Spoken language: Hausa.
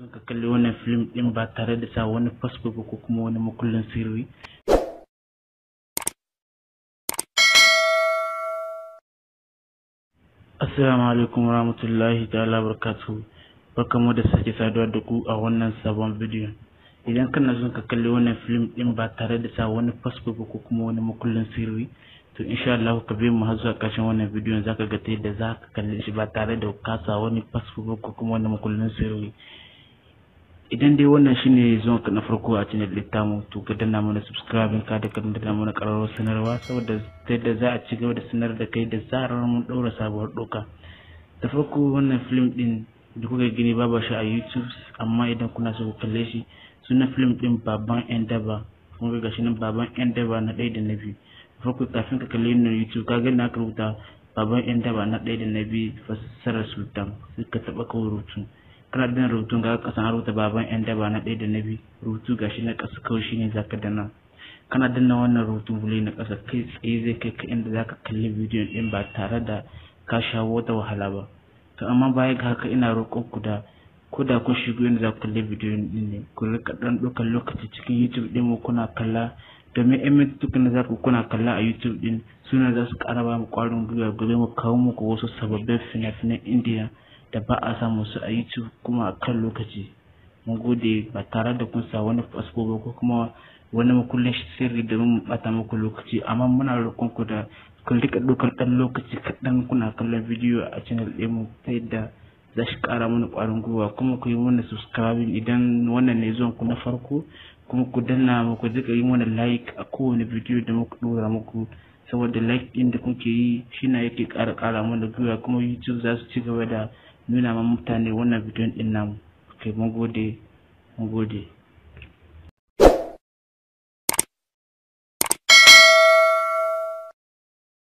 son ka kalli wannan film din ba tare da sa wani fasfo ba ko kuma wani makullin sirri Assalamu alaikum warahmatullahi ta'ala barkatu barkamu da sake saduwa da ku a wannan sabon bidiyo idan kana son ka kalli wannan film din ba tare da sa wani fasfo ba ko kuma wani makullin sirri to insha Allah ka bi mu har zuwa ƙarshen wannan bidiyon zaka ga ta yadda zaka kalli shi ba tare da kasa wani fasfo ko kuma wani makullin sirri idan dai wannan shine zuwa ka na farko a cikin mu to ka danna mana subscribe ka da ka danna mana ƙararrawar sanarwa saboda ta da za a ci gaba da sanar da kai da zarar mun daura sabuwar doka da farko wannan film din da kuka gani babu shi a youtube amma idan kuna so ku kalle shi sunan film din baban yan daba ga shi nan baban yan na ɗaya da na biyu farko kafin ka kalle na youtube ka gani na rubuta baban yan na ɗaya da na biyu fassarar sultan sai ka taɓa kawo rubutu kana rubutun ga kasan an rubuta baban yan daba na ɗaya da na biyu rubutu ga shi na ƙasa kawai shine zaka danna kana danna wannan rubutu bule na ƙasa kai tsaye zai kai ka inda zaka kalli bidiyon ɗin ba tare da ka shawo wata wahala ba to amma baya ga haka ina roƙon ku da ko da kun shigo inda za kalli bidiyon ɗin ne ku rika ɗan ɗaukar lokaci cikin youtube ɗin mu kuna kalla domin yan mintukan da za ku kuna kalla a youtube ɗin suna za su ƙara ba mu ƙwarin gwiwa gure mu kawo muku wasu sababbin fina-finan indiya da ba a samu su a yi su kuma a kan lokaci mun gode ba tare da kun sa wani fasfo ba ko kuma wani makullin sirri da mun bata muku lokaci amma muna roƙon ku da kun rika dokar ɗan lokaci kaɗan kuna kallon bidiyo a channel ɗin mu ta yadda za shi ƙara mana ƙwarin gwiwa kuma ku yi mana subscribing idan wannan ne zuwan ku na farko kuma ku danna ku duka yi mana like a kowane bidiyo da muka ɗora muku saboda like din da kuke yi shine yake ƙara ƙara mana gwiwa kuma youtube za su ci gaba da nuna ma mutane wannan bidiyon din namu kai mun gode mun gode